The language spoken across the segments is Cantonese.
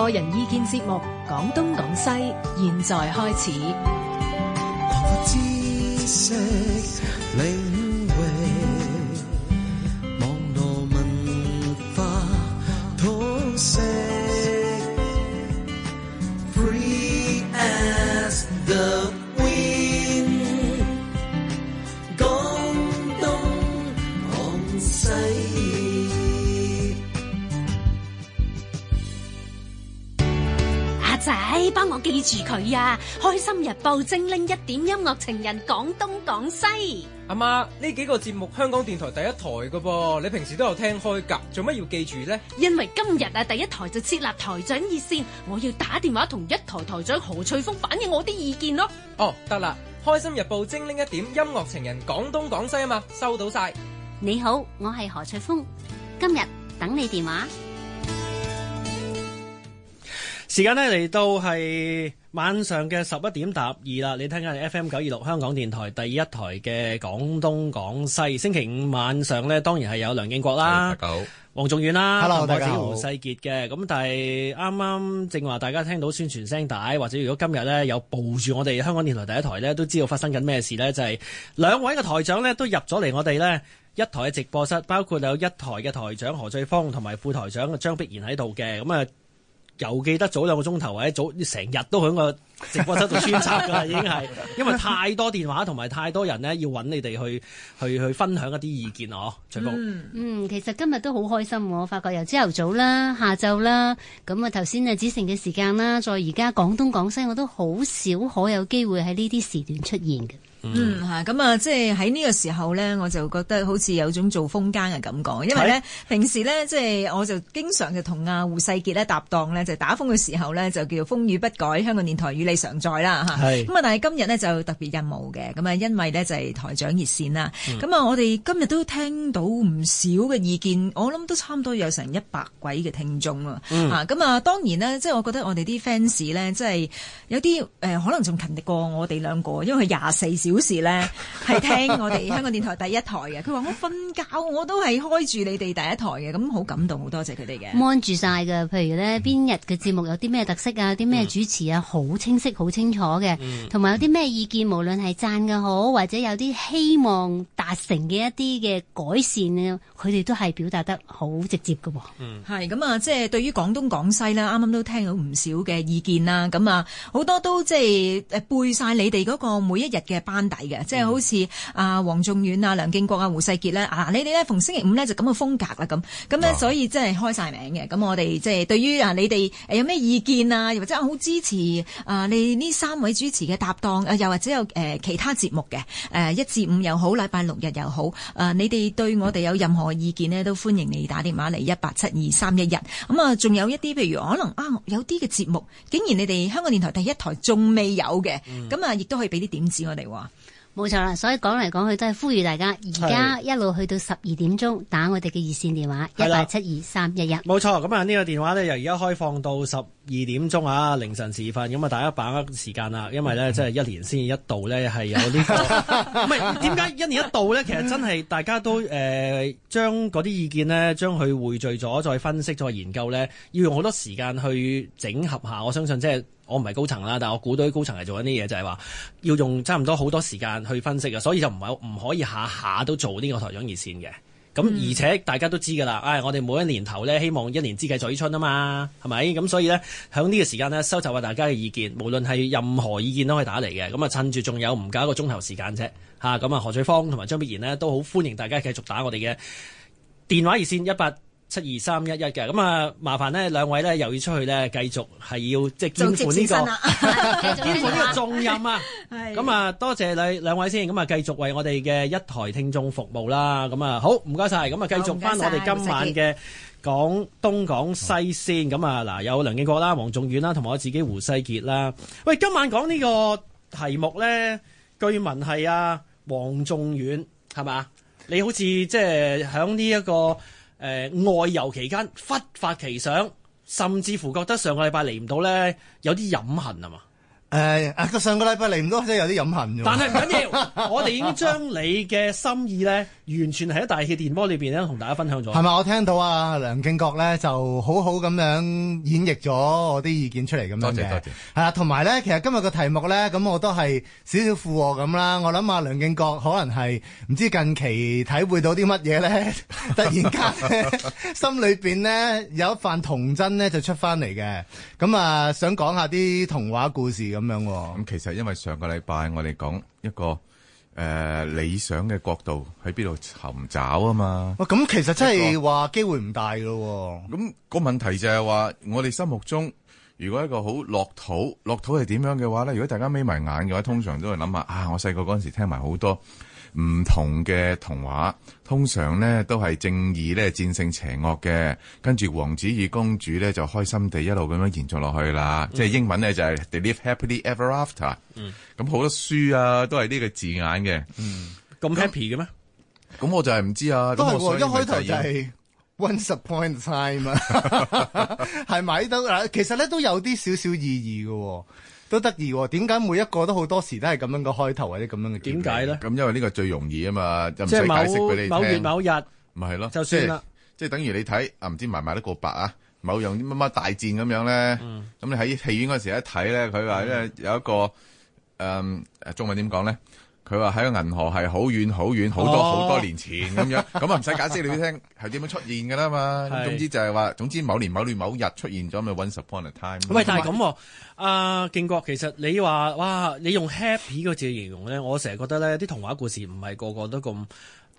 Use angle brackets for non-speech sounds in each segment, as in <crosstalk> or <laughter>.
個人意見節目《講東講西》，現在開始。 <music> 你幫我記住佢呀、啊！開心日報精靈一點音樂情人講東講西。阿媽，呢幾個節目香港電台第一台噶噃，你平時都有聽開噶，做乜要記住呢？因為今日啊，第一台就設立台長熱線，我要打電話同一台台長何翠峰反映我啲意見咯。哦，得啦，開心日報精靈一點音樂情人講東講西啊嘛，收到晒。你好，我係何翠峰，今日等你電話。時間咧嚟到係晚上嘅十一點廿二啦，你聽緊係 F M 九二六香港電台第一台嘅廣東廣西。星期五晚上咧，當然係有梁敬國啦，黃仲遠啦，或者胡世傑嘅。咁但係啱啱正話大家聽到宣傳聲帶，或者如果今日咧有報住我哋香港電台第一台咧，都知道發生緊咩事咧，就係兩位嘅台長咧都入咗嚟我哋咧一台嘅直播室，包括有一台嘅台長何俊峰同埋副台長張碧然喺度嘅，咁啊。又記得早兩個鐘頭或者早成日都喺個直播室度穿插㗎啦，已經係，因為太多電話同埋太多人呢，要揾你哋去去去分享一啲意見哦，嗬、嗯，翠嗯，其實今日都好開心，我發覺由朝頭早啦、下晝啦，咁啊頭先啊子成嘅時間啦，再而家廣東廣西我都好少可有機會喺呢啲時段出現嘅。Mm hmm. 嗯吓，咁啊，即係喺呢個時候咧，我就覺得好似有種做風間嘅感覺，因為咧 Hey? 平時咧，即係我就經常就同阿、啊、胡世杰咧搭檔咧，就是、打風嘅時候咧，就叫風雨不改，香港電台與你常在啦吓。係咁 Hey. 啊，但係今日咧就特別任務嘅，咁啊，因為咧就係、是、台長熱線啦。咁、mm hmm. 啊，我哋今日都聽到唔少嘅意見，我諗都差唔多有成一百位嘅聽眾、mm hmm. 啊。吓、嗯、咁啊，當然咧，即係我覺得我哋啲 fans 咧，即係有啲誒、呃，可能仲勤力過我哋兩個，因為佢廿四表示呢，係 <laughs> <laughs> 聽我哋香港電台第一台嘅，佢話我瞓覺我都係開住你哋第一台嘅，咁好感動，好多謝佢哋嘅。按住晒㗎，譬如呢，邊日嘅節目有啲咩特色啊，啲咩主持啊，好清晰、好清楚嘅，同埋、嗯、有啲咩意見，無論係讚嘅好，或者有啲希望達成嘅一啲嘅改善呢，佢哋都係表達得好直接㗎。嗯，係咁啊，即係對於廣東廣西啦，啱啱都聽到唔少嘅意見啦，咁啊好多都即係誒背晒你哋嗰個每一日嘅底嘅，嗯、即係好似阿黃仲遠啊、梁敬國啊、胡世傑咧，嗱、啊、你哋咧逢星期五咧就咁嘅風格啦，咁咁咧所以真係開晒名嘅。咁我哋即係對於啊你哋誒有咩意見啊，又或者好支持啊你呢三位主持嘅搭檔啊，又或者有誒、呃、其他節目嘅誒、啊、一至五又好，禮拜六日又好，誒、啊、你哋對我哋有任何嘅意見呢，都歡迎你打電話嚟一八七二三一一。咁啊，仲有一啲譬如可能啊，有啲嘅節目竟然你哋香港電台第一台仲未有嘅，咁啊亦都可以俾啲點，點子我哋喎。冇錯啦，所以講嚟講去都係呼籲大家，而家一路去到十二點鐘，打我哋嘅熱線電話一八七二三一一。冇的錯，咁啊呢個電話呢，由而家開放到十二點鐘啊凌晨時分，咁啊大家把握時間啦，因為呢即係一年先一度呢係有呢、這個。唔係點解一年一度呢？其實真係大家都誒、呃、將嗰啲意見呢將佢匯聚咗，再分析，再研究呢，要用好多時間去整合下。我相信即係。我唔係高層啦，但我估到啲高層係做緊啲嘢，就係話要用差唔多好多時間去分析嘅，所以就唔係唔可以下下都做呢個台長熱線嘅。咁、嗯、而且大家都知㗎啦，唉、哎，我哋每一年頭呢，希望一年之計在於春啊嘛，係咪？咁所以呢，喺呢個時間呢，收集下大家嘅意見，無論係任何意見都可以打嚟嘅。咁啊，趁住仲有唔夠一個鐘頭時間啫，嚇咁啊，何翠芳同埋張碧賢呢，都好歡迎大家繼續打我哋嘅電話熱線一八。七二三一一嘅咁啊，麻煩呢兩位咧又要出去咧，繼續係要即係肩負呢個肩負呢個重任啊。咁啊，多謝你兩位先，咁啊，繼續為我哋嘅一台聽眾服務啦。咁啊，好唔該晒。咁啊，繼續翻我哋今晚嘅講東講西先。咁啊，嗱，有梁敬國啦、黃仲遠啦，同埋我自己胡世傑啦。喂，今晚講呢個題目咧，據聞係啊黃仲遠係嘛？你好似即係響呢一個。誒、呃、外遊期間忽發奇想，甚至乎覺得上個禮拜嚟唔到咧，有啲飲恨啊嘛～誒，阿個、呃、上個禮拜嚟唔到，真係有啲飲恨。但係唔緊要，我哋已經將你嘅心意咧，完全喺大氣電波裏邊咧，同大家分享咗。係咪我聽到啊？梁敬國咧就好好咁樣演繹咗我啲意見出嚟咁樣嘅。係啦謝，同埋咧，其實今日個題目咧，咁我都係少少附和咁啦。我諗啊，梁敬國可能係唔知近期體會到啲乜嘢咧，突然間 <laughs> <laughs> 心裏邊呢有一份童真咧就出翻嚟嘅。咁啊，想講下啲童話故事。咁樣咁其實因為上個禮拜我哋講一個誒、呃、理想嘅國度喺邊度尋找啊嘛，哇！咁其實真係話機會唔大咯。咁個、嗰個問題就係話，我哋心目中如果一個好樂土，樂土係點樣嘅話咧？如果大家眯埋眼嘅話，通常都會諗下啊！我細個嗰陣時聽埋好多唔同嘅童話，通常咧都係正義咧戰勝邪惡嘅，跟住王子與公主咧就開心地一路咁樣延續落去啦。嗯、即係英文咧就係、是、“live happily ever after”。嗯，咁好、嗯、多書啊都係呢個字眼嘅。嗯，咁 happy 嘅咩那？咁我就係唔知啊。都係喎、啊，是是一開頭就係 once upon a time 啊，係咪？到啊。其實咧都有啲少少意義嘅喎、啊。都得意喎，點解每一個都好多時都係咁樣嘅開頭或者咁樣嘅？點解咧？咁因為呢個最容易啊嘛，就唔識解釋俾你聽。某年某日，唔係咯，就算啦。即係即係，等於你睇啊，唔知埋埋得過百啊，某樣乜乜大戰咁樣咧。咁、嗯、你喺戲院嗰時一睇咧，佢話因為有一個誒、嗯嗯、中文點講咧？佢話喺個銀河係好遠好遠好多好多年前咁、哦、樣，咁啊，唔使解釋你聽，係點 <laughs> 樣出現㗎啦嘛。是 總之就係話，總之某年某年某日出現咗，咪揾 once upon a time。喂，但係咁、啊，阿、啊、勁國其實你話哇，你用 happy 個字形容咧，我成日覺得咧啲童話故事唔係個個都咁。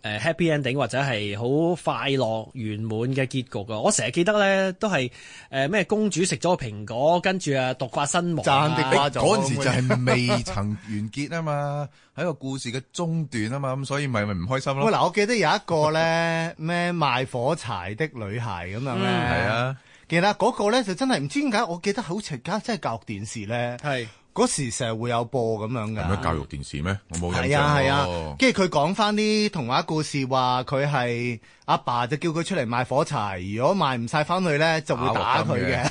誒，happy ending 或者係好快樂圓滿嘅結局啊。我成日記得咧都係誒咩公主食咗個蘋果，跟住啊毒發身亡。嗰陣、欸、時就係未曾完結啊嘛，喺 <laughs> 個故事嘅中段啊嘛，咁所以咪咪唔開心咯。喂嗱，我記得有一個咧咩 <laughs> 賣火柴的女孩咁樣咧，係、嗯、啊，其實嗰個咧就真係唔知點解，我記得好似而家即係教育電視咧。嗰時成日會有播咁樣嘅、啊，咩教育電視咩？我冇睇。象係啊係啊，跟住佢講翻啲童話故事，話佢係阿爸就叫佢出嚟賣火柴，如果賣唔晒翻去咧，就會打佢嘅。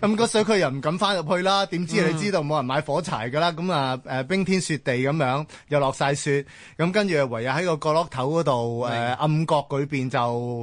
咁嗰時佢又唔敢翻入去啦。點知你知道冇人買火柴㗎啦？咁啊誒冰天雪地咁樣又落晒雪，咁跟住唯有喺個角落頭嗰度誒暗角裏邊就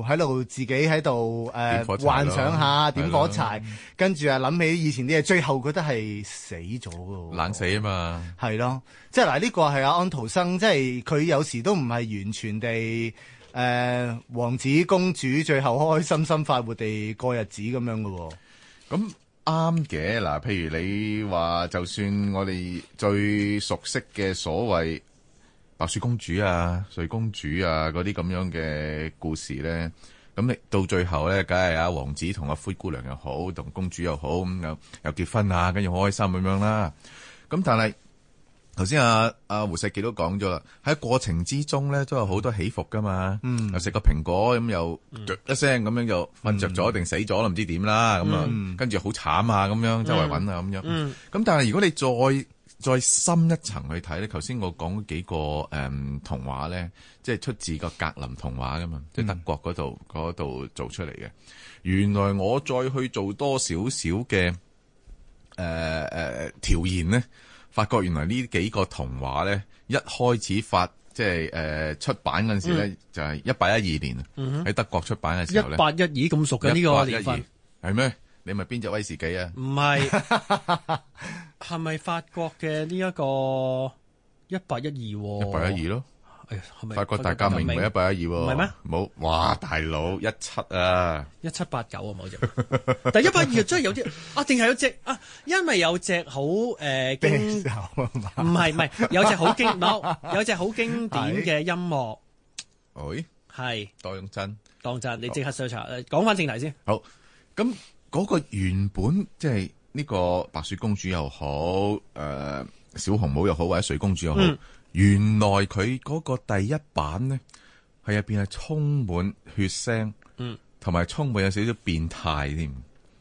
喺度自己喺度誒幻想下點火柴，跟住啊諗起以前啲嘢，最後覺得係。死咗噶，冷死啊嘛！係咯，即係嗱，呢、這個係阿安徒生，即係佢有時都唔係完全地誒、呃，王子公主最後開開心心、快活地過日子咁樣噶。咁啱嘅嗱，譬如你話，就算我哋最熟悉嘅所謂白雪公主啊、睡公主啊嗰啲咁樣嘅故事咧。咁你到最後咧，梗係阿王子同阿灰姑娘又好，同公主又好咁樣，又結婚、嗯、啊，跟住好開心咁樣啦。咁但係頭先阿阿胡世傑都講咗啦，喺過程之中咧都有好多起伏噶嘛。嗯，又食個蘋果咁又嘟一聲咁樣又瞓着咗定死咗啦，唔知點啦。咁啊，跟住好慘啊，咁樣周圍搵啊，咁樣。咁但係如果你再，再深一層去睇咧，頭先我講幾個誒、嗯、童話咧，即係出自個格林童話噶嘛，即係、嗯、德國嗰度嗰度做出嚟嘅。原來我再去做多少少嘅誒誒調研咧，發覺原來呢幾個童話咧，一開始發即係誒、呃、出版嗰陣時咧，嗯、就係一八一二年喺、嗯、哼德國出版嘅時候咧，八一二咁熟嘅呢 18 12, 個年份？係咩？你咪邊隻威士忌啊？唔係，係咪法國嘅呢一個一八一二？一八一二咯，法國大革命唔係一八一二喎。係咩？冇，哇大佬，一七啊，一七八九啊，冇隻，但一八二真係有隻啊，定係有隻啊，因為有隻好誒經，唔係唔係，有隻好經，有隻好經典嘅音樂，係，係當真，當真，你即刻 search，講翻正題先。好，咁。嗰個原本即係呢個白雪公主又好，誒、呃、小紅帽又好，或者睡公主又好，嗯、原來佢嗰個第一版呢，係入邊係充滿血腥，嗯，同埋充滿有少少變態添，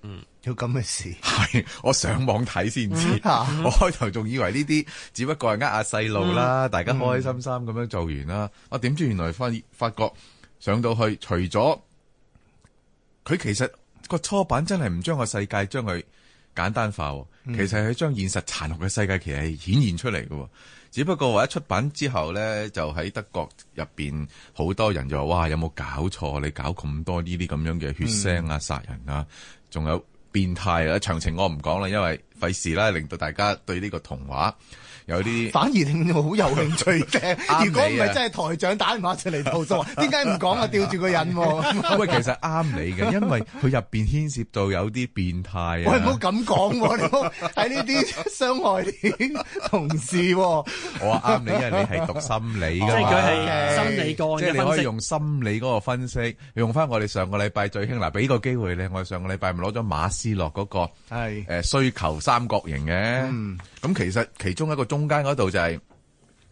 嗯，有咁嘅事，係我上網睇，先知，嗯、 <laughs> 我開頭仲以為呢啲只不過係呃下細路啦，嗯、大家開開心心咁樣做完啦，我點知原來發發覺上到去，除咗佢其實。個初版真係唔將個世界將佢簡單化，其實佢將現實殘酷嘅世界其實係顯現出嚟嘅。只不過話一出版之後咧，就喺德國入邊好多人就話：哇，有冇搞錯？你搞咁多呢啲咁樣嘅血腥啊、殺人啊，仲有變態啊？詳情我唔講啦，因為。費事啦，令到大家對呢個童話有啲，反而令到好有興趣嘅。 <laughs> 如果唔係，真係台長打電話出嚟投訴，點解唔講啊？吊住個癮。喂，其實啱你嘅，因為佢入邊牽涉到有啲變態，啊。喂，唔好咁講，喺呢啲傷害啲同事，啊。 <laughs> 我話啱你，因為你係讀心理噶嘛。 <laughs> 即係佢係心理個， <laughs> 即係你可以用心理嗰個分析，用翻我哋上個禮拜最興嗱，俾個機會咧，我哋上個禮拜唔攞咗馬斯洛嗰個係誒需求是。嗯三角形嘅嗯，咁，其實其中一個中間度就係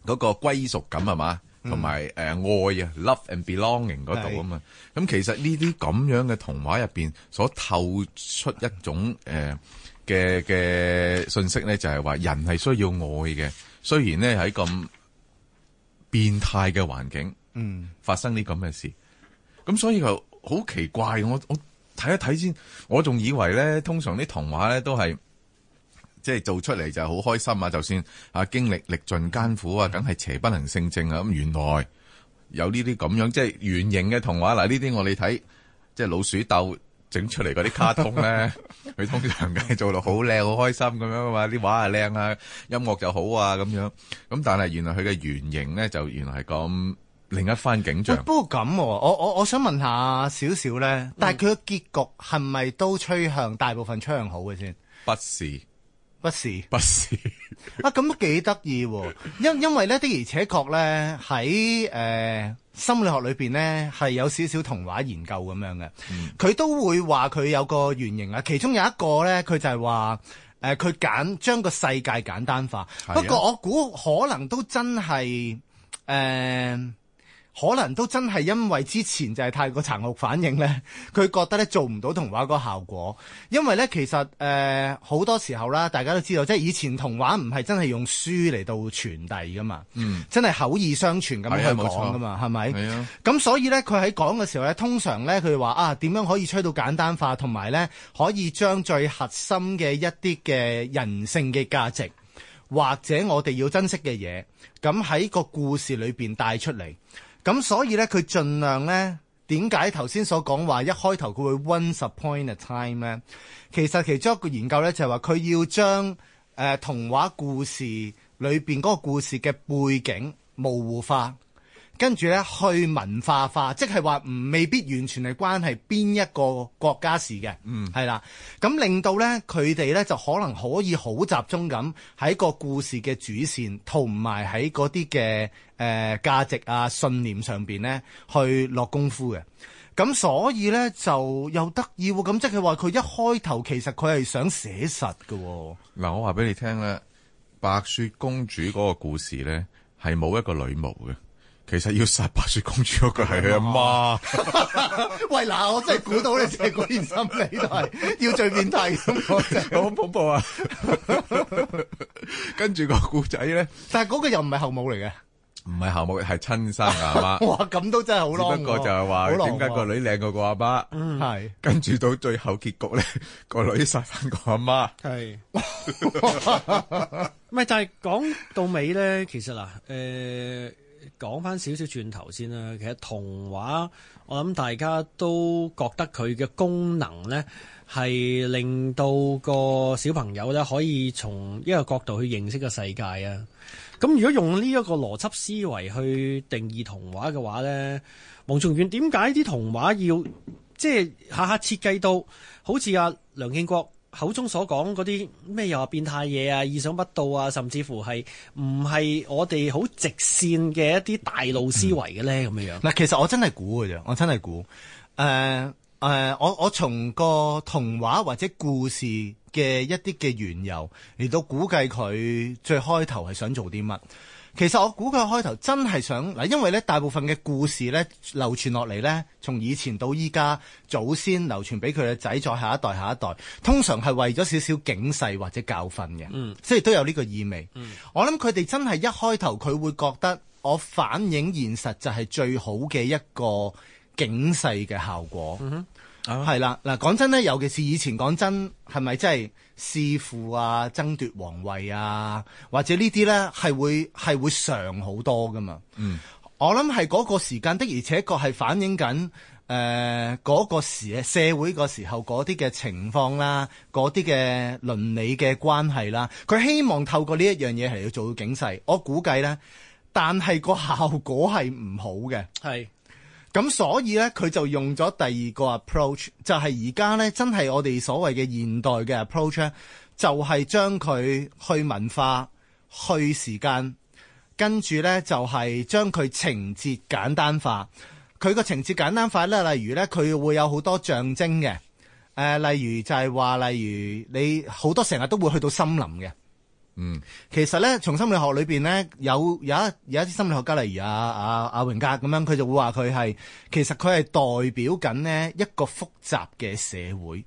個歸屬感係嘛，同埋誒愛啊，love and belonging 度啊嘛。咁是其實呢啲咁樣嘅童話入邊所透出一種誒嘅嘅信息咧，就係、是、話人係需要愛嘅。雖然咧喺咁變態嘅環境，嗯發生啲咁嘅事，咁、嗯、所以就好奇怪。我我睇一睇先，我仲以為咧，通常啲童話咧都係。即係做出嚟就好開心啊！就算啊，經歷歷盡艱苦啊，梗係邪不能勝正啊。咁原來有呢啲咁樣，即係原型嘅童話嗱。呢啲我哋睇即係老鼠斗整出嚟嗰啲卡通咧，佢通常嘅做到好靚，好開心咁樣啊嘛。啲畫啊靚啊，音樂就好啊，咁樣咁。但係原來佢嘅原型咧，就原來係咁另一番景象。哎、不過咁，我我我想問下少少咧，但係佢嘅結局係咪都趨向大部分趨向好嘅先？嗯、不是。不是，不是 <laughs> 啊！咁都幾得意喎，因因為咧的而且確咧喺誒心理學裏邊咧係有少少童話研究咁樣嘅，佢、嗯、都會話佢有個原型啊。其中有一個咧，佢就係話誒，佢、呃、簡將個世界簡單化。啊、不過我估可能都真係誒。呃可能都真係因為之前就係太過殘酷反應 <laughs> 呢，佢覺得呢做唔到童話嗰個效果，因為呢，其實誒好、呃、多時候啦，大家都知道即係以前童話唔係真係用書嚟到傳遞噶嘛，嗯，真係口耳相傳咁樣去講噶嘛，係咪冇錯？係啊，咁、啊、所以呢，佢喺講嘅時候呢，通常呢，佢話啊點樣可以吹到簡單化，同埋呢可以將最核心嘅一啲嘅人性嘅價值或者我哋要珍惜嘅嘢咁喺個故事裏邊帶出嚟。咁所以咧，佢盡量咧，點解頭先所講話一開頭佢會 one point a time 咧？其實其中一個研究咧就係話佢要將誒、呃、童話故事裏邊個故事嘅背景模糊化。跟住咧，去文化化，即係話唔未必完全係關係邊一個國家事嘅，嗯，係啦。咁令到咧，佢哋咧就可能可以好集中咁喺個故事嘅主線，同埋喺嗰啲嘅誒價值啊、信念上邊咧去落功夫嘅。咁所以咧就又得意喎。咁即係話佢一開頭其實佢係想寫實嘅，哦。嗱，嗯，我話俾你聽咧，白雪公主嗰個故事咧係冇一個女巫嘅。其實要殺白雪公主嗰個係佢阿媽。她媽 <laughs> 喂，嗱，我真係估到你淨係估件心理都係，要最變態，真係恐怖啊！ <laughs> 跟住個古仔咧，但係嗰個又唔係後母嚟嘅，唔係後母係親生阿媽。 <laughs> 哇，咁都真係好狼狽。只不過就係話，點解個女靚過個阿媽？係、嗯、是跟住到最後結局咧，個女殺翻個阿媽。係咪就係講到尾咧？其實嗱，誒、呃。講翻少少轉頭先啦，其實童話我諗大家都覺得佢嘅功能呢，係令到個小朋友呢，可以從一個角度去認識個世界啊。咁如果用呢一個邏輯思維去定義童話嘅話呢，黃仲遠點解啲童話要即係下下設計到好似啊梁敬國口中所講嗰啲咩又話變態嘢啊、意想不到啊，甚至乎係唔係我哋好直線嘅一啲大腦思維嘅咧？咁、嗯、樣樣嗱，其實我真係估嘅啫，我真係估。誒、呃、誒、呃，我我從個童話或者故事嘅一啲嘅緣由，嚟到估計佢最開頭係想做啲乜。其實我估佢開頭真係想嗱，因為咧大部分嘅故事咧流傳落嚟咧，從以前到依家，祖先流傳俾佢嘅仔，再下一代下一代，通常係為咗少少警世或者教訓嘅，即係、嗯、都有呢個意味。嗯、我諗佢哋真係一開頭佢會覺得，我反映現實就係最好嘅一個警世嘅效果。嗯係啦，嗱，講、uh huh. 真咧，尤其是以前講真，係咪真係弑父啊、爭奪皇位啊，或者呢啲咧係會係會常好多噶嘛？嗯，我諗係嗰個時間的，而且確係反映緊誒嗰個時社會個時候嗰啲嘅情況啦，嗰啲嘅倫理嘅關係啦，佢希望透過呢一樣嘢係要做到警世。我估計咧，但係個效果係唔好嘅，係。咁所以咧，佢就用咗第二個 approach，就係而家咧，真係我哋所謂嘅現代嘅 approach 咧，就係將佢去文化、去時間，跟住咧就係將佢情節簡單化。佢個情節簡單化咧，例如咧，佢會有好多象徵嘅，誒、呃、例如就係話，例如你好多成日都會去到森林嘅。嗯，其實咧，從心理學裏邊咧，有一有一有一啲心理學家，例如阿阿阿榮格咁樣，佢就會話佢係，其實佢係代表緊呢一個複雜嘅社會，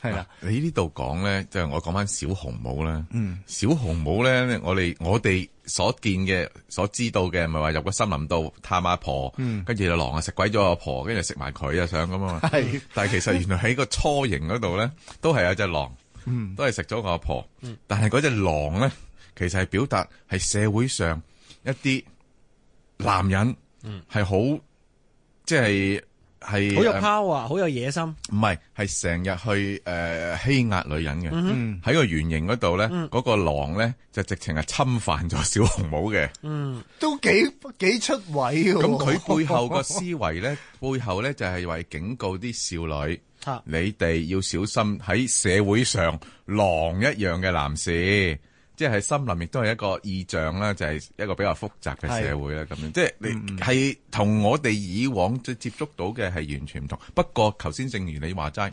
係啦，啊。你呢度講咧，即係，我講翻小紅帽啦。嗯，小紅帽咧，我哋我哋所見嘅，所知道嘅，咪話入個森林度探阿婆，跟住隻狼啊食鬼咗阿婆，跟住食埋佢啊，想咁啊。係，但係其實原來喺個初形嗰度咧，都係有隻狼。嗯，都係食咗個阿婆，嗯、但係嗰隻狼咧，其實係表達係社會上一啲男人係好，即係係好有 power，好有野心。唔係，係成日去誒、呃、欺壓女人嘅。嗯，喺個原型嗰度咧，嗰、嗯、個狼咧就直情係侵犯咗小紅帽嘅。嗯，都幾幾出位。咁佢背後個思維咧， <laughs> 背後咧就係為警告啲少女。你哋要小心喺社會上狼一樣嘅男士，即係喺森林亦都係一個意象啦，就係、是、一個比較複雜嘅社會啦，咁樣的即係你係同我哋以往接觸到嘅係完全唔同。不過頭先正如你話齋，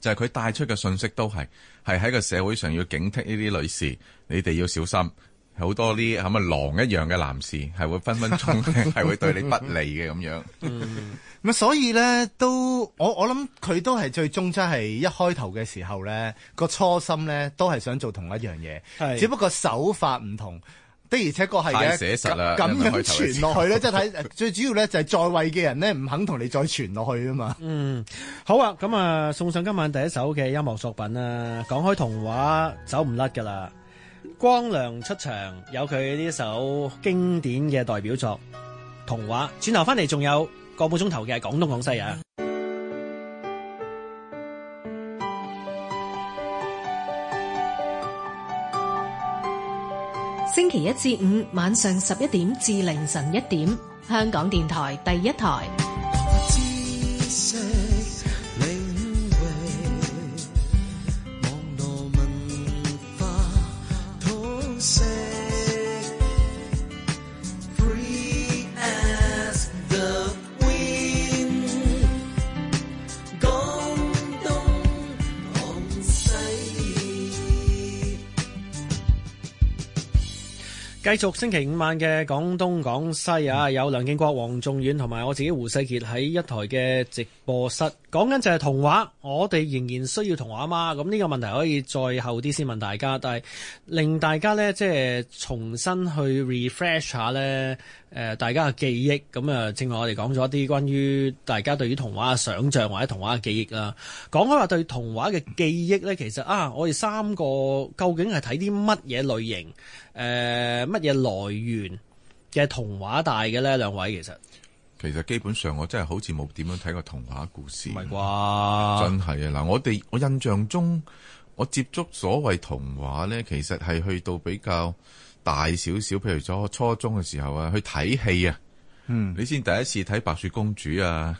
就係佢帶出嘅信息都係係喺個社會上要警惕呢啲女士，你哋要小心。好多啲係咪狼一樣嘅男士，係會分分鐘係 <laughs> 會對你不利嘅咁樣。咁、嗯、所以咧都我我諗佢都係最終真係一開頭嘅時候咧，個初心咧都係想做同一樣嘢，是只不過手法唔同，的而且確係太寫實啦，咁樣傳落去咧，即係睇最主要咧就係在位嘅人咧唔肯同你再傳落去啊嘛。嗯，好啊，咁啊送上今晚第一首嘅音樂作品啦。講開童話走唔甩㗎啦。光良出場，有佢呢首經典嘅代表作《童話》。轉頭翻嚟，仲有個半鐘頭嘅廣東廣西啊！星期一至五晚上十一點至凌晨一點，香港電台第一台。繼續星期五晚嘅廣東廣西啊，有梁敬國、黃仲遠同埋我自己胡世杰喺一台嘅直播室，講緊就係童話。我哋仍然需要童話啊嘛。咁呢個問題可以再後啲先問大家，但係令大家呢，即係重新去 refresh 下呢誒、呃、大家嘅記憶。咁、嗯、啊，正話我哋講咗一啲關於大家對於童話嘅想象或者童話嘅記憶啦。講開話對童話嘅記憶呢，其實啊，我哋三個究竟係睇啲乜嘢類型？誒、呃。乜嘢來源嘅童話大嘅咧？兩位其實，其實基本上我真係好似冇點樣睇過童話故事，唔係啩？真係啊！嗱，我哋我印象中，我接觸所謂童話咧，其實係去到比較大少少，譬如初初中嘅時候啊，去睇戲啊，嗯，你先第一次睇白雪公主啊。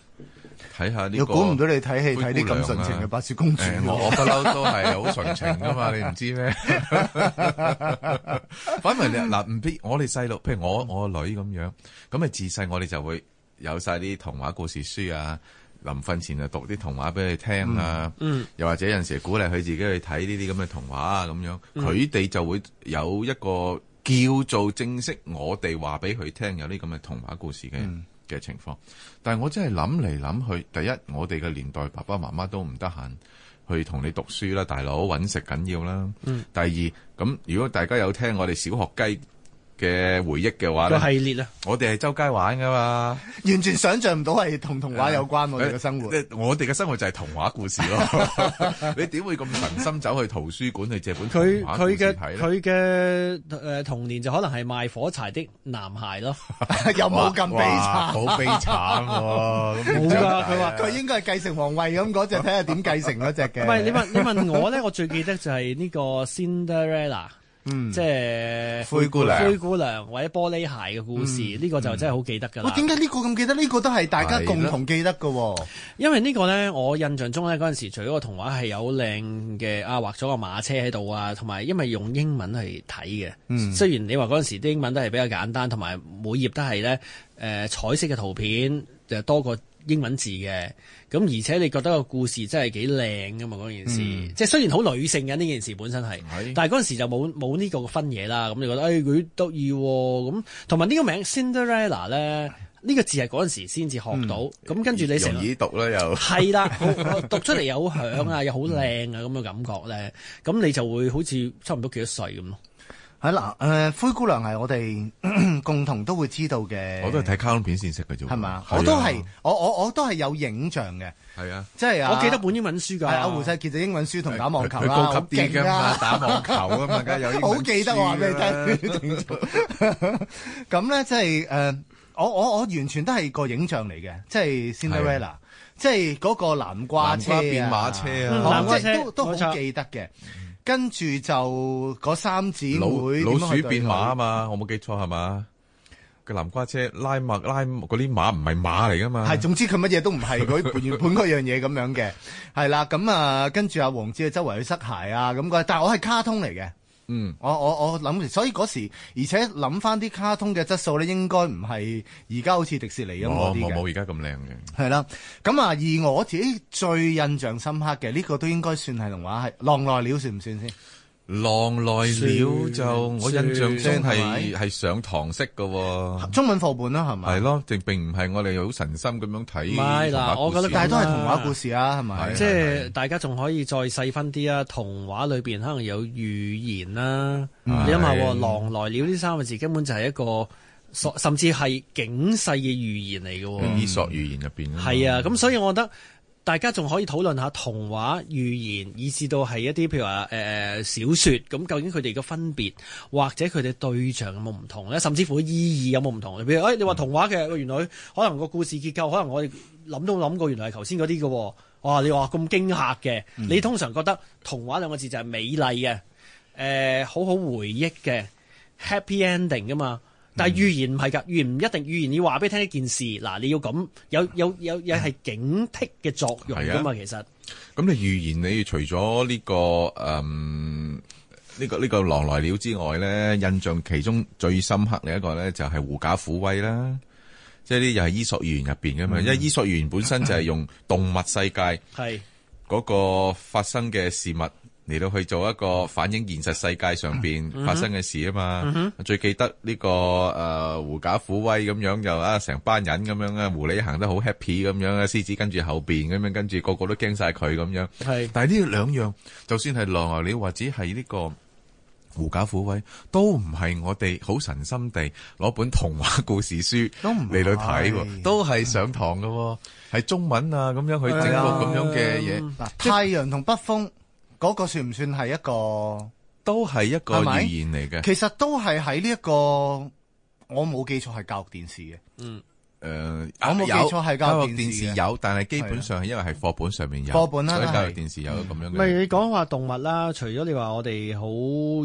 睇下呢個、啊，又估唔到你睇戲睇啲咁純情嘅白雪公主。啊。 <laughs> <laughs> <laughs> 我我不嬲都係好純情噶嘛，你唔知咩？反為你嗱唔必，我哋細路，譬如我我個女咁樣，咁啊自細我哋就會有晒啲童話故事書啊，臨瞓前就讀啲童話俾佢聽啊。嗯嗯、又或者有陣時鼓勵佢自己去睇呢啲咁嘅童話啊咁樣，佢哋就會有一個叫做正式我哋話俾佢聽有啲咁嘅童話故事嘅。嗯嗯嘅情況，但係我真係諗嚟諗去，第一，我哋嘅年代，爸爸媽媽都唔得閒去同你讀書啦，大佬揾食緊要啦。嗯、第二咁，如果大家有聽我哋小學雞嘅回憶嘅話，個系列咧，我哋係周街玩噶嘛，完全想象唔到係同童話有關、啊啊、我哋嘅生活。即、啊啊、我哋嘅生活就係童話故事咯、啊。 <laughs> 你點會咁神心走去圖書館去借本童話故事睇咧？佢嘅誒童年就可能係賣火柴的男孩咯，又冇咁悲慘，好悲慘喎、啊。冇噶、 <laughs> 啊，佢話佢應該係繼承皇位咁，嗰隻睇下點繼承嗰隻嘅。唔係 <laughs> 你問你問我咧，我最記得就係呢個 Cinderella。嗯，即係灰姑娘、灰姑娘或者玻璃鞋嘅故事，呢、嗯、個就真係好記得噶啦。我點解呢個咁記得？呢、呢個都係大家共同記得噶。因為呢個呢，我印象中呢，嗰陣時，除咗個童話係有靚嘅啊，畫咗個馬車喺度啊，同埋因為用英文嚟睇嘅。嗯、雖然你話嗰陣時啲英文都係比較簡單，同埋每頁都係呢誒、呃、彩色嘅圖片就多過英文字嘅。咁而且你覺得個故事真係幾靚㗎嘛？嗰件事，嗯、即係雖然好女性嘅呢件事本身係，的但係嗰陣時就冇冇呢個分野啦。咁你覺得誒佢得意喎，咁同埋呢個名 Cinderella 咧，呢、呢個字係嗰陣時先至學到，咁跟住你成日讀咧又，係啦，我讀出嚟又好響啊， <laughs> 又好靚啊咁嘅感覺咧，咁你就會好似差唔多幾多歲咁咯。嗱，誒灰姑娘係我哋共同都會知道嘅。我都係睇卡通片先識嘅啫。係嘛？我都係，我我我都係有影像嘅。係啊，即係我記得本英文書㗎。係啊，胡世傑就英文書同打網球啦。勁㗎打網球㗎嘛，家有英文書。好記得我話畀你聽。咁咧，即係誒，我我我完全都係個影像嚟嘅，即係 Cinderella，即係嗰個南瓜車啊，變馬車啊，即係都都好記得嘅。跟住就三姊妹老，老鼠變馬啊嘛， <laughs> 我冇記錯係嘛？個南瓜車拉馬，拉嗰啲馬唔係馬嚟噶嘛？係，總之佢乜嘢都唔係，佢原 <laughs> 本嗰樣嘢咁樣嘅，係啦。 <laughs> 咁啊，跟住啊，王子啊，周圍去塞鞋啊咁嗰，但係我係卡通嚟嘅。嗯，我我我諗，所以嗰時，而且諗翻啲卡通嘅質素咧，應該唔係而家好似迪士尼咁嗰啲嘅。冇而家咁靚嘅。係啦，咁啊，而我自己最印象深刻嘅呢、這個都應該算係動畫係，《狼來了》算唔算先？狼來了就末我印象中係係末上堂識噶、啊，中文課本啦係咪？係咯，定並唔係我哋好神心咁樣睇。唔係嗱，我覺得、啊、但係都係童話故事啊，係咪？是是是即係大家仲可以再細分啲啊，童話裏邊可能有寓言啦、啊。你諗下是是、啊《狼來了》呢三個字根本就係一個，甚至係警世嘅寓言嚟嘅。伊索寓言入邊。係啊，咁、嗯啊、所以我覺得。大家仲可以討論下童話寓言，以至到係一啲譬如話誒、呃、小説咁，究竟佢哋嘅分別或者佢哋對象有冇唔同咧？甚至乎意義有冇唔同？譬如誒、哎，你話童話嘅原來可能個故事結構，可能我哋諗都諗過，原來係頭先嗰啲嘅。哇、啊！你話咁驚嚇嘅，嗯、你通常覺得童話兩個字就係美麗嘅誒、呃，好好回憶嘅 happy ending 㗎嘛。但係寓言唔係㗎，寓言唔一定。寓言要話俾你聽一件事，嗱，你要咁有有有有係警惕嘅作用㗎嘛，嗯、其實咁、嗯、你寓言你除咗呢、這個誒呢、嗯這個呢、這個狼來了之外咧，印象其中最深刻嘅一個咧，就係、是、狐假虎威啦。即係呢又係伊索寓言入邊㗎嘛，嗯、因為伊索寓言本身就係用動物世界嗰個發生嘅事物、嗯。嚟到去做一個反映現實世界上邊發生嘅事啊嘛，嗯、哼最記得呢、這個誒狐假虎威咁樣又啊成班人咁樣啊狐狸行得好 happy 咁樣啊獅子跟住後邊咁樣跟住個個都驚晒佢咁樣。係是，但係呢兩樣，就算係狼來了或者係呢個狐假虎威，都唔係我哋好神心地攞本童話故事書嚟到睇，哎、都係上堂㗎、哦，係中文啊咁樣去整個咁樣嘅嘢。太陽同北風。 <laughs> 嗰個算唔算係一個都係一個寓言嚟嘅？其實都係喺呢一個，我冇記錯係教育電視嘅。嗯，誒、呃，我冇記錯係教，教育電視有，但係基本上係因為係課本上面有課本啦，的所以教育電視有咁樣、就是。咪、嗯、你講話動物啦，除咗你話我哋好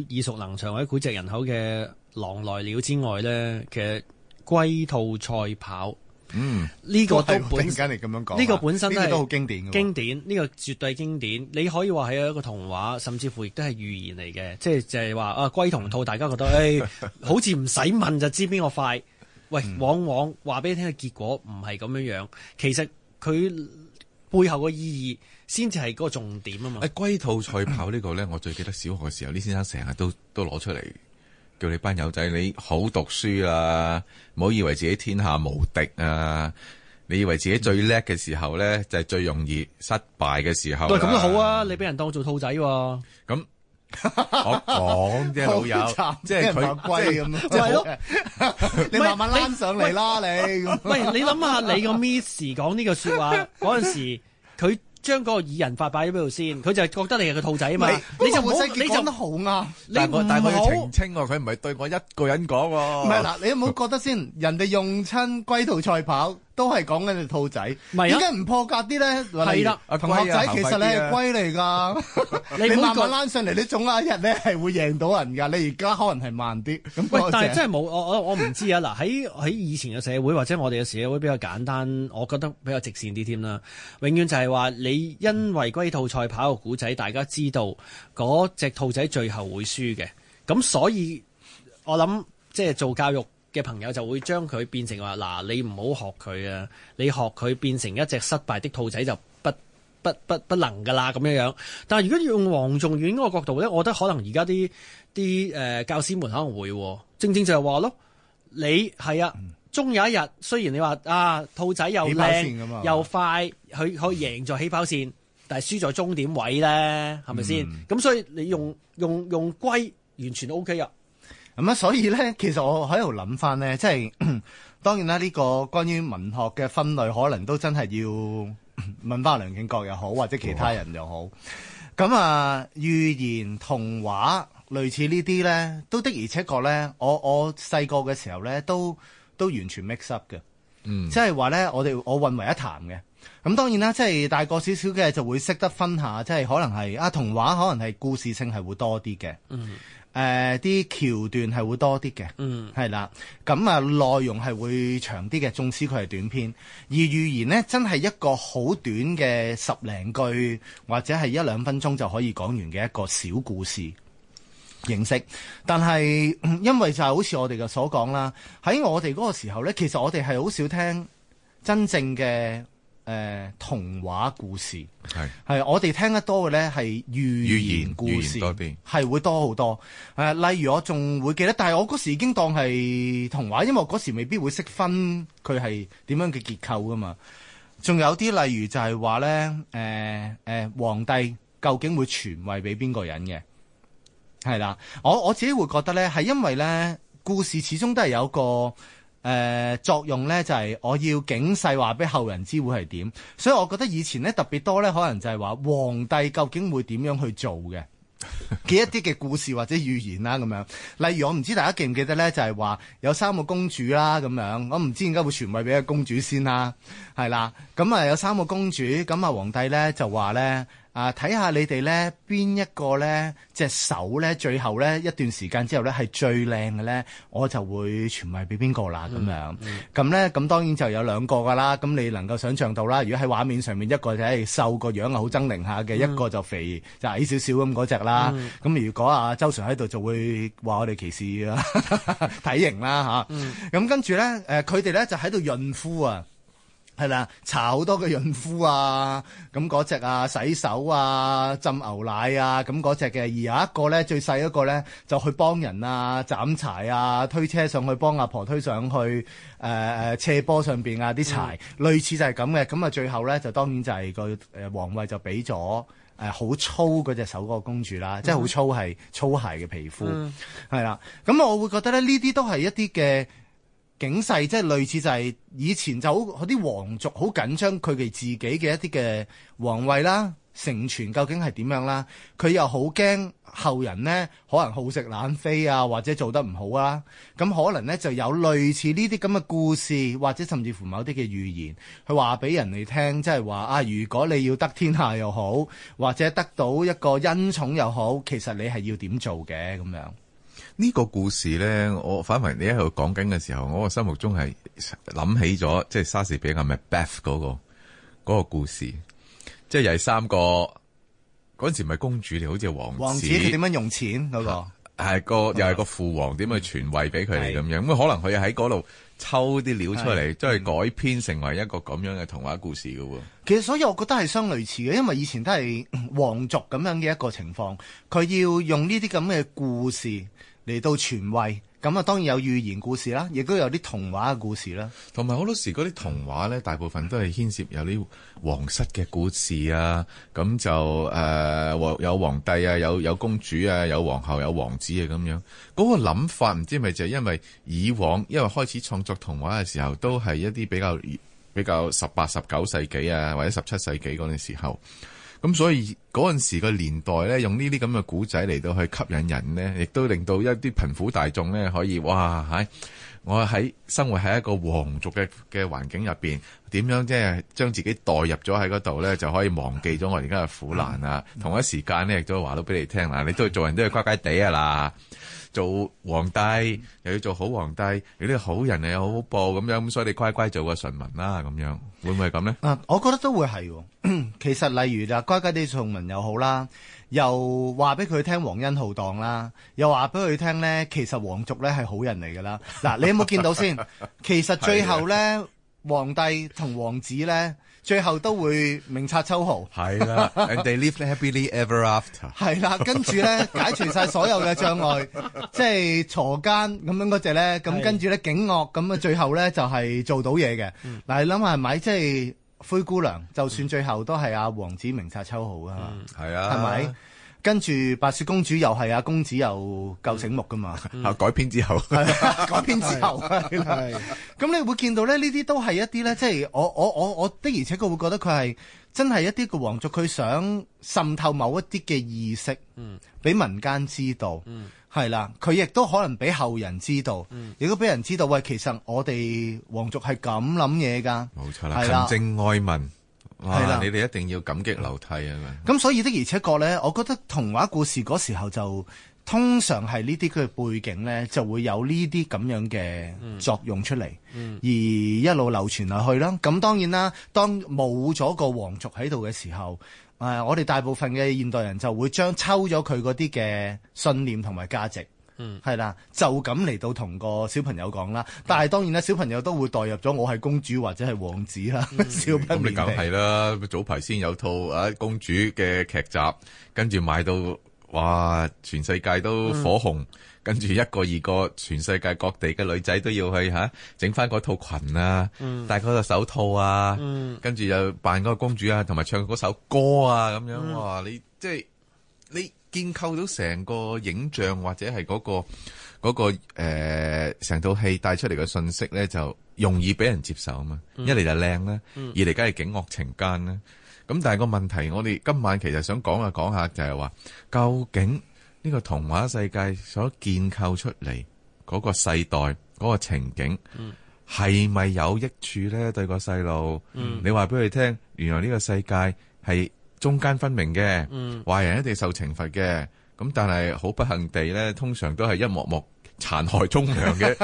耳熟能詳，或者膾炙人口嘅狼來了之外咧，其實龜兔賽跑。嗯，呢個都突然間咁樣講，呢個本身呢個都好經典，經典呢、這個絕對經典。你可以話係有一個童話，甚至乎亦都係寓言嚟嘅，即係就係、是、話啊龜同兔， <laughs> 大家覺得誒、哎，好似唔使問就知邊個快。喂，嗯、往往話俾你聽嘅結果唔係咁樣樣，其實佢背後嘅意義先至係個重點啊嘛。誒，龜兔賽跑個呢個咧，我最記得小學嘅時候，呢 <laughs> 先生成日都都攞出嚟。叫你班友仔，你好讀書啊！唔好以為自己天下無敵啊！你以為自己最叻嘅時候咧，就係、是、最容易失敗嘅時候。對、嗯，咁都好啊！你俾人當做兔仔喎、啊。咁我講即係老友，即係佢，即係即係咯。就是就是、 <laughs> 你慢慢拉上嚟啦，你。喂，你諗下你個 Miss 講呢個說話嗰陣時，佢。將嗰個擬人化擺喺邊度先，佢就係覺得你係個兔仔啊嘛，是你就唔好，你就好啊，你就但係我，我要澄清喎、啊，佢唔係對我一個人講喎、啊。唔係嗱，你有冇覺得先，人哋用親龜兔賽跑。都係講緊隻兔仔，點解唔破格啲咧？係啦，同、啊、學仔，啊、其實你係龜嚟㗎， <laughs> 你， <laughs> 你慢慢爬上嚟，你總有一日咧係會贏到人㗎。你而家可能係慢啲，咁。喂，但係真係冇，我我我唔知啊！嗱， <laughs> 喺喺以前嘅社會或者我哋嘅社會比較簡單，我覺得比較直線啲添啦。永遠就係話你因為龜兔賽跑嘅古仔，大家知道嗰隻兔仔最後會輸嘅，咁所以我諗即係做教育。嘅朋友就會將佢變成話嗱，你唔好學佢啊！你學佢變成一隻失敗的兔仔就不不不不能㗎啦咁樣樣。但係如果要用黃仲遠個角度咧，我覺得可能而家啲啲誒教師們可能會、啊、正正就係話咯，你係啊，終有一日雖然你話啊，兔仔又靚又快，佢可以贏在起跑線， <laughs> 但係輸在終點位咧，係咪先？咁、嗯、所以你用用用龜完全 OK 啊！咁啊，所以咧，其實我喺度諗翻咧，即係當然啦。呢、呢個關於文學嘅分類，可能都真係要問翻梁敬國又好，或者其他人又好。咁啊、哦，寓、嗯呃、言、童話類似呢啲咧，都的而且確咧，我我細個嘅時候咧，都都完全 mix up 嘅，即係話咧，我哋我混為一談嘅。咁、嗯、當然啦，即係大個少少嘅就會識得分下，即係可能係啊童話，可能係故事性係會多啲嘅。嗯誒，啲橋段係會多啲嘅，係啦、嗯，咁啊內容係會長啲嘅，縱使佢係短篇。而寓言呢，真係一個好短嘅，十零句或者係一兩分鐘就可以講完嘅一個小故事形式。但係、嗯、因為就係好似我哋嘅所講啦，喺我哋嗰個時候呢，其實我哋係好少聽真正嘅。誒、呃、童話故事係係是我哋聽得多嘅咧，係寓言故事係會多好多。誒、呃、例如我仲會記得，但係我嗰時已經當係童話，因為我嗰時未必會識分佢係點樣嘅結構㗎嘛。仲有啲例如就係話咧，誒、呃、誒、呃、皇帝究竟會傳位俾邊個人嘅？係啦，我我自己會覺得咧，係因為咧故事始終都係有個。誒、呃，作用咧就係、是、我要警世話俾後人知會係點，所以我覺得以前咧特別多咧，可能就係話皇帝究竟會點樣去做嘅，嘅 <laughs> 一啲嘅故事或者預言啦、啊、咁樣。例如我唔知大家記唔記得咧，就係、是、話有三個公主啦、啊、咁樣，我唔知點解會傳位俾個公主先、啊、啦，係啦，咁啊有三個公主，咁啊皇帝咧就話咧。啊！睇下你哋咧，邊一個咧隻手咧，最後咧一段時間之後咧係最靚嘅咧，我就會傳埋俾邊個啦咁樣。咁咧，咁當然就有兩個噶啦。咁你能夠想象到啦。如果喺畫面上面，一個就係瘦，個樣啊好猙獰下嘅，一個就肥就矮少少咁嗰隻啦。咁如果啊周旋喺度，就會話我哋歧視體型啦吓。咁跟住咧，誒，佢哋咧就喺度潤膚啊。係啦，搽好多嘅潤膚啊，咁嗰隻啊，洗手啊，浸牛奶啊，咁嗰隻嘅。而有一個咧，最細一個咧，就去幫人啊，斬柴啊，推車上去幫阿婆推上去，誒、呃、誒斜坡上邊啊啲柴，嗯、類似就係咁嘅。咁啊，最後咧就當然就係個誒王位就俾咗誒好粗嗰隻手嗰個公主啦，即係好粗係粗鞋嘅皮膚，係啦、嗯。咁我會覺得咧，呢啲都係一啲嘅。警世即係類似就係以前就好啲皇族好緊張佢哋自己嘅一啲嘅皇位啦，承傳究竟係點樣啦？佢又好驚後人呢可能好食懶飛啊，或者做得唔好啊，咁可能呢就有類似呢啲咁嘅故事，或者甚至乎某啲嘅預言，佢話俾人哋聽，即係話啊，如果你要得天下又好，或者得到一個恩寵又好，其實你係要點做嘅咁樣？呢個故事咧，我反為你喺度講緊嘅時候，我個心目中係諗起咗，即係莎士比亞咪 beth 嗰、嗰個、嗰個故事，即係又係三個嗰陣時咪公主你好似係王子點樣用錢嗰、嗰個，係個又係個父王點樣傳位俾佢哋咁樣，咁可能佢喺嗰度抽啲料出嚟，即係、嗯、改編成為一個咁樣嘅童話故事嘅喎。其實所以我覺得係相類似嘅，因為以前都係皇族咁樣嘅一個情況，佢要用呢啲咁嘅故事。嚟到傳位，咁啊當然有寓言故事啦，亦都有啲童話嘅故事啦。同埋好多時嗰啲童話呢，大部分都係牽涉有啲皇室嘅故事啊，咁就誒、呃、有皇帝啊，有有公主啊，有皇后，有王子啊咁樣。嗰、嗰個諗法唔知係咪就係因為以往因為開始創作童話嘅時候，都係一啲比較比較十八十九世紀啊，或者十七世紀嗰陣時候。咁所以嗰陣時個年代咧，用呢啲咁嘅古仔嚟到去吸引人呢，亦都令到一啲貧苦大眾咧可以，哇！喺我喺生活喺一個皇族嘅嘅環境入邊，點樣即係將自己代入咗喺嗰度咧，就可以忘記咗我而家嘅苦難啊！同一時間咧，亦都話到俾你聽啦，你都係做人都係乖乖地啊啦～做皇帝又要做好皇帝，有啲好人嚟又好播咁樣，咁所以你乖乖做個臣民啦咁樣，會唔會咁咧？啊，我覺得都會係。其實例如就乖乖啲臣民又好啦，又話俾佢聽皇恩浩蕩啦，又話俾佢聽咧，其實皇族咧係好人嚟噶啦。嗱， <laughs> 你有冇見到先？ <laughs> 其實最後咧，是的 皇帝同王子咧。最後都會明察秋毫，係啦 <laughs> ，and they live happily ever after，係 <laughs> 啦，跟住咧解除晒所有嘅障礙， <laughs> 即係坐監咁樣嗰隻咧，咁跟住咧警惡咁啊，最後咧就係、是、做到嘢嘅。嗱、嗯，你諗下係咪？即係、就是、灰姑娘，就算最後都係阿、啊、王子明察秋毫㗎嘛，係、嗯、啊，係咪？跟住白雪公主又係啊，公子又夠醒目噶嘛？啊、嗯嗯、 <laughs> 改編之後，改編之後係。咁你會見到咧，呢啲都係一啲咧，即係我我我我的，而且佢會覺得佢係真係一啲嘅皇族，佢想滲透某一啲嘅意識，嗯，俾民間知道，嗯，係啦，佢亦都可能俾後人知道，亦都俾人知道喂，其實我哋皇族係咁諗嘢噶，冇錯啦，勤政愛民。係啦，哇的你哋一定要感激流涕啊！嘛、嗯。咁所以的，而且確咧，我覺得童話故事嗰時候就通常係呢啲佢嘅背景咧，就會有呢啲咁樣嘅作用出嚟，嗯、而一路流傳落去啦。咁當然啦，當冇咗個皇族喺度嘅時候，誒、呃，我哋大部分嘅現代人就會將抽咗佢嗰啲嘅信念同埋價值。嗯，係啦，就咁嚟到同個小朋友講啦，但係當然啦，小朋友都會代入咗我係公主或者係王子啦。嗯、 <laughs> 小朋友、嗯、你梗係啦，早排先有套啊公主嘅劇集，跟住買到哇，全世界都火紅，跟住、嗯、一個二個全世界各地嘅女仔都要去嚇整翻嗰套裙啊，嗯、戴嗰個手套啊，跟住、嗯、又扮嗰個公主啊，同埋唱嗰首歌啊咁樣哇，你即係你。你你你你你你你建構到成個影像或者係嗰個嗰個誒成套戲帶出嚟嘅信息咧，就容易俾人接受啊嘛！一嚟就靚啦，二嚟梗係警惡懲奸啦。咁但係個問題，我哋今晚其實想講下講下，就係話究竟呢個童話世界所建構出嚟嗰個世代嗰個情景，係咪有益處咧？對個細路，你話俾佢聽，原來呢個世界係。中間分明嘅，壞人一定受懲罰嘅。咁但係好不幸地咧，通常都係一幕幕殘害忠良嘅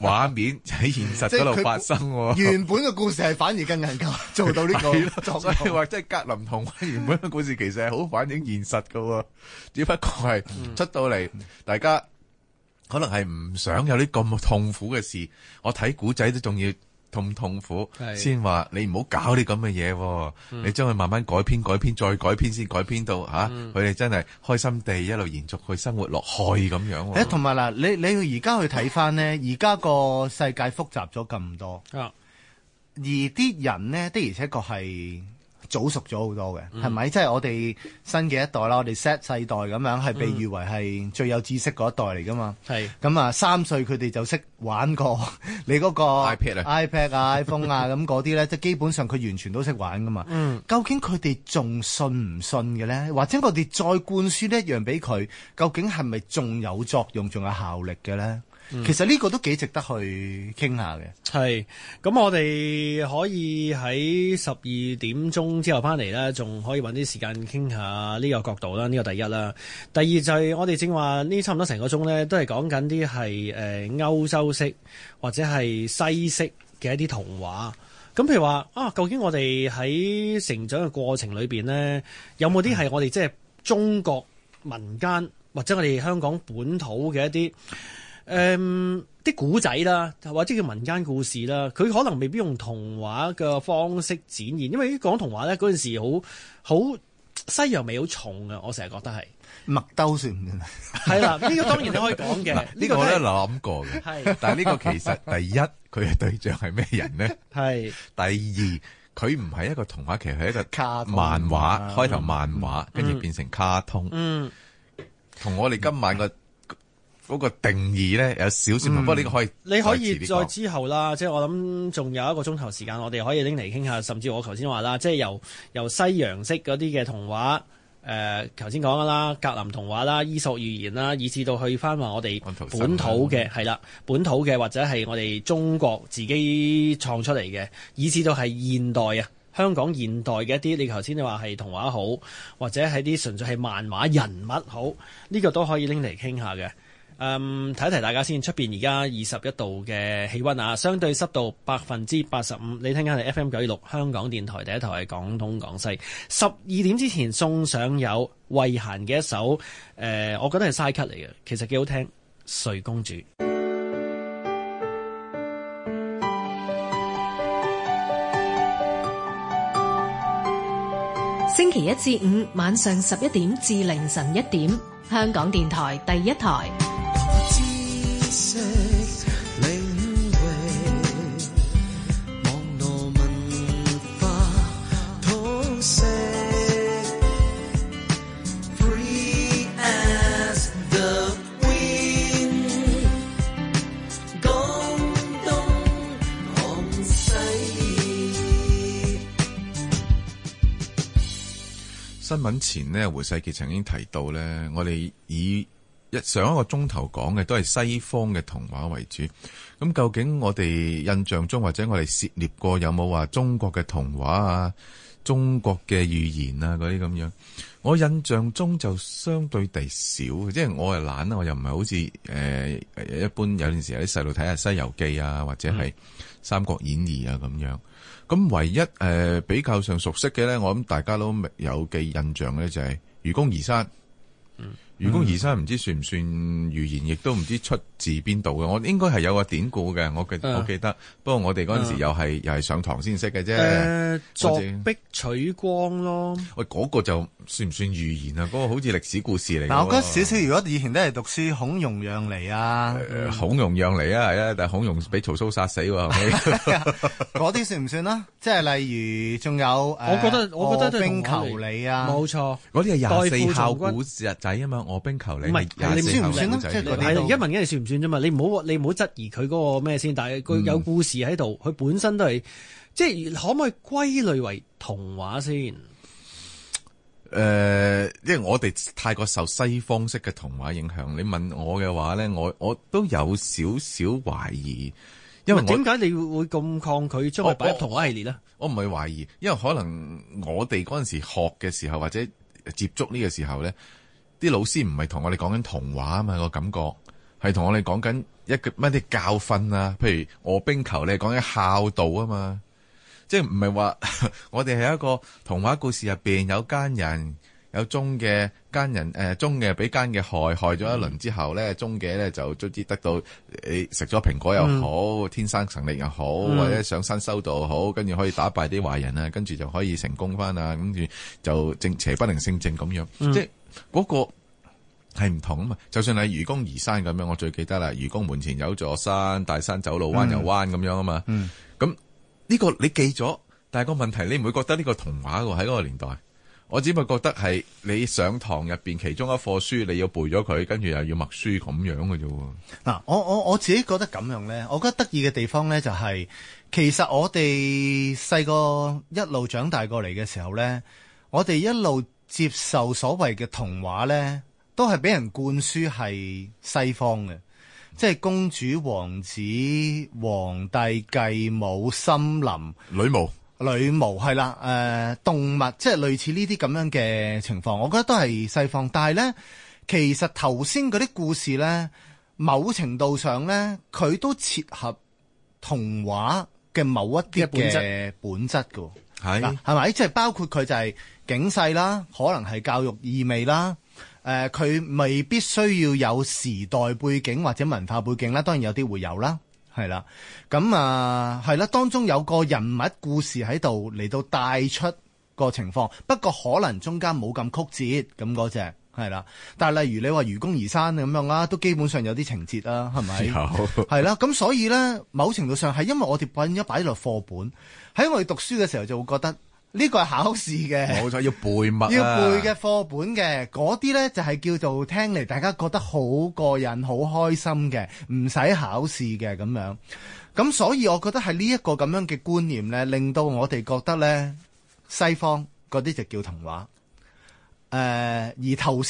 畫面喺現實嗰度發生。原本嘅故事係反而更能夠做到呢個。所以話即係格林童話原本嘅故事其實係好反映現實噶，只不過係出到嚟大家可能係唔想有啲咁痛苦嘅事。我睇古仔都仲要。同痛，痛苦，先話是你唔好搞啲咁嘅嘢，嗯、你將佢慢慢改編、改編、再改編，先改編到吓，佢哋、嗯、真係開心地一路延續去生活落去咁樣、啊。誒，同埋嗱，你你而家去睇翻呢，而家個世界複雜咗咁多，啊、而啲人呢的而且確係。早熟咗好多嘅，係咪、嗯？即係我哋新嘅一代啦，我哋 Z 世代咁樣，係被譽為係最有知識嗰一代嚟噶嘛。係咁啊，三歲佢哋就識玩過 <laughs> 你、那個你嗰個 iPad 啊、iPad <laughs> 啊、iPhone 啊咁嗰啲咧，即係基本上佢完全都識玩噶嘛。嗯，究竟佢哋仲信唔信嘅咧？或者我哋再灌輸呢一樣俾佢，究竟係咪仲有作用、仲有效力嘅咧？其實呢個都幾值得去傾下嘅，嗯，係咁我哋可以喺十二點鐘之後翻嚟呢，仲可以揾啲時間傾下呢個角度啦，呢、呢個第一啦。第二就係、是、我哋正話呢差唔多成個鐘呢，都係講緊啲係誒歐洲式或者係西式嘅一啲童話。咁譬如話啊，究竟我哋喺成長嘅過程裏邊呢，有冇啲係我哋即係中國民間或者我哋香港本土嘅一啲？誒啲古仔啦，或者叫民間故事啦，佢可能未必用童話嘅方式展現，因為啲講童話咧嗰陣時好好西洋味好重啊！我成日覺得係麥兜算唔算啊？係啦，呢、呢個當然你可以講嘅。呢、啊呢個我都諗過嘅，就係、係但係呢個其實第一佢嘅對象係咩人呢？係係第二佢唔係一個童話劇，係一個漫卡漫畫、啊，開頭漫畫、嗯、跟住變成卡通。嗯，同我哋今晚個。嗰個定義呢，有少少，嗯、不過呢個可以你可以再之後啦。即係我諗，仲有一個鐘頭時，時間，我哋可以拎嚟傾下。甚至我頭先話啦，即係由由西洋式嗰啲嘅童話，誒頭先講噶啦，格林童話啦，伊索寓言啦，以至到去翻話我哋本土嘅係、嗯、啦，本土嘅或者係我哋中國自己創出嚟嘅，以至到係現代啊，香港現代嘅一啲。你頭先你話係童話好，或者係啲純粹係漫畫人物好，呢、呢個都可以拎嚟傾下嘅。誒睇，um，一提大家先，出邊而家二十一度嘅氣温啊，相對濕度百分之八十五。你聽緊，係 F M 九二六香港電台第一台，係廣東廣西十二點之前送上有慧嫻嘅一首誒、呃，我覺得係 side cut 嚟嘅，其實幾好聽《睡公主》。星期一至五晚上十一點至凌晨一點，香港電台第一台。新聞前呢，胡世杰曾經提到呢，我哋以上一個鐘頭講嘅都係西方嘅童話為主，咁究竟我哋印象中或者我哋涉獵過有冇話中國嘅童話啊、中國嘅寓言啊嗰啲咁樣？我印象中就相對地少，即係我又懶啦，我又唔係好似誒一般有陣時喺細路睇下《西遊記》啊，或者係《三國演義》啊咁樣。咁唯一誒比較上熟悉嘅咧，我諗大家都有嘅印象咧，就係愚公移山。嗯愚公移山唔知算唔算寓言，亦都唔知出自邊度嘅。我應該係有個典故嘅，我記我記得。啊、不過我哋嗰陣時又係又係上堂先識嘅啫。誒、呃，鑿壁取光咯。喂、哎，嗰、那個就算唔算寓言啊？嗰、那個好似歷史故事嚟。嗱，我覺得少少，如果以前都係讀書，孔融讓梨啊。嗯、孔融讓梨啊，係啊，但係孔融俾曹操殺死喎。嗰啲 <laughs> <laughs> 算唔算咧？即係例如，仲有我覺得、啊啊、我覺得冰求鯉啊，冇錯，嗰啲係廿四孝古仔啊嘛。嗯我冰求你，唔係你算唔算咧？即係而家問緊你算唔算啫嘛？你唔好你唔好質疑佢嗰個咩先？但係佢有故事喺度，佢、嗯、本身都係即係可唔可以歸類為童話先？誒、呃，因為我哋太過受西方式嘅童話影響。你問我嘅話咧，我我都有少少懷疑，因為點解你會咁抗拒將佢擺入童話系列咧？我唔係懷疑，因為可能我哋嗰陣時學嘅時候，或者接觸呢個時候咧。啲老師唔係同我哋講緊童話啊嘛、那個感覺，係同我哋講緊一個乜啲教訓啊？譬如我冰球你講緊孝道啊嘛，即係唔係話我哋係一個童話故事入邊有奸人有忠嘅奸人誒，忠嘅俾奸嘅害害咗一輪之後咧，忠嘅咧就卒之得到誒食咗蘋果又好，嗯、天生神力又好，嗯、或者上山修道又好，跟住可以打敗啲壞人啊，跟住就可以成功翻啊，跟住就正邪不能勝正咁樣，嗯、即係。嗰個係唔同啊嘛，就算係愚公移山咁樣，我最記得啦。愚公門前有座山，大山走路彎又彎咁樣啊嘛。咁呢、嗯、個你記咗，但係個問題你唔會覺得呢個童話喺嗰個年代，我只不過覺得係你上堂入邊其中一課書，你要背咗佢，跟住又要默書咁樣嘅啫。嗱、嗯，我我我自己覺得咁樣咧，我覺得得意嘅地方咧就係、是，其實我哋細個一路長大過嚟嘅時候咧，我哋一路接受所謂嘅童話咧，都係俾人灌輸係西方嘅，即係公主、王子、皇帝、繼母、森林、女巫、女巫係啦，誒、呃、動物，即係類似呢啲咁樣嘅情況，我覺得都係西方。但係咧，其實頭先嗰啲故事咧，某程度上咧，佢都切合童話嘅某一啲嘅本質嘅，係係咪？即係包括佢就係、是。警世啦，可能係教育意味啦。誒、呃，佢未必需要有時代背景或者文化背景啦。當然有啲會有啦，係啦。咁、嗯、啊，係啦，當中有個人物故事喺度嚟到帶出個情況，不過可能中間冇咁曲折咁嗰隻係啦。但係例如你話愚公移山咁樣啦，都基本上有啲情節啦，係咪？係 <laughs> 啦。咁、嗯、所以咧，某程度上係因為我哋擺一擺落課本，喺我哋讀書嘅時候就會覺得。呢個係考試嘅，冇錯，要背默。要背嘅課本嘅，啲咧就係叫做聽嚟，大家覺得好過癮、好開心嘅，唔使考試嘅咁樣。咁所以我覺得係呢一個咁樣嘅觀念咧，令到我哋覺得咧，西方啲就叫童話。誒、呃，而頭先。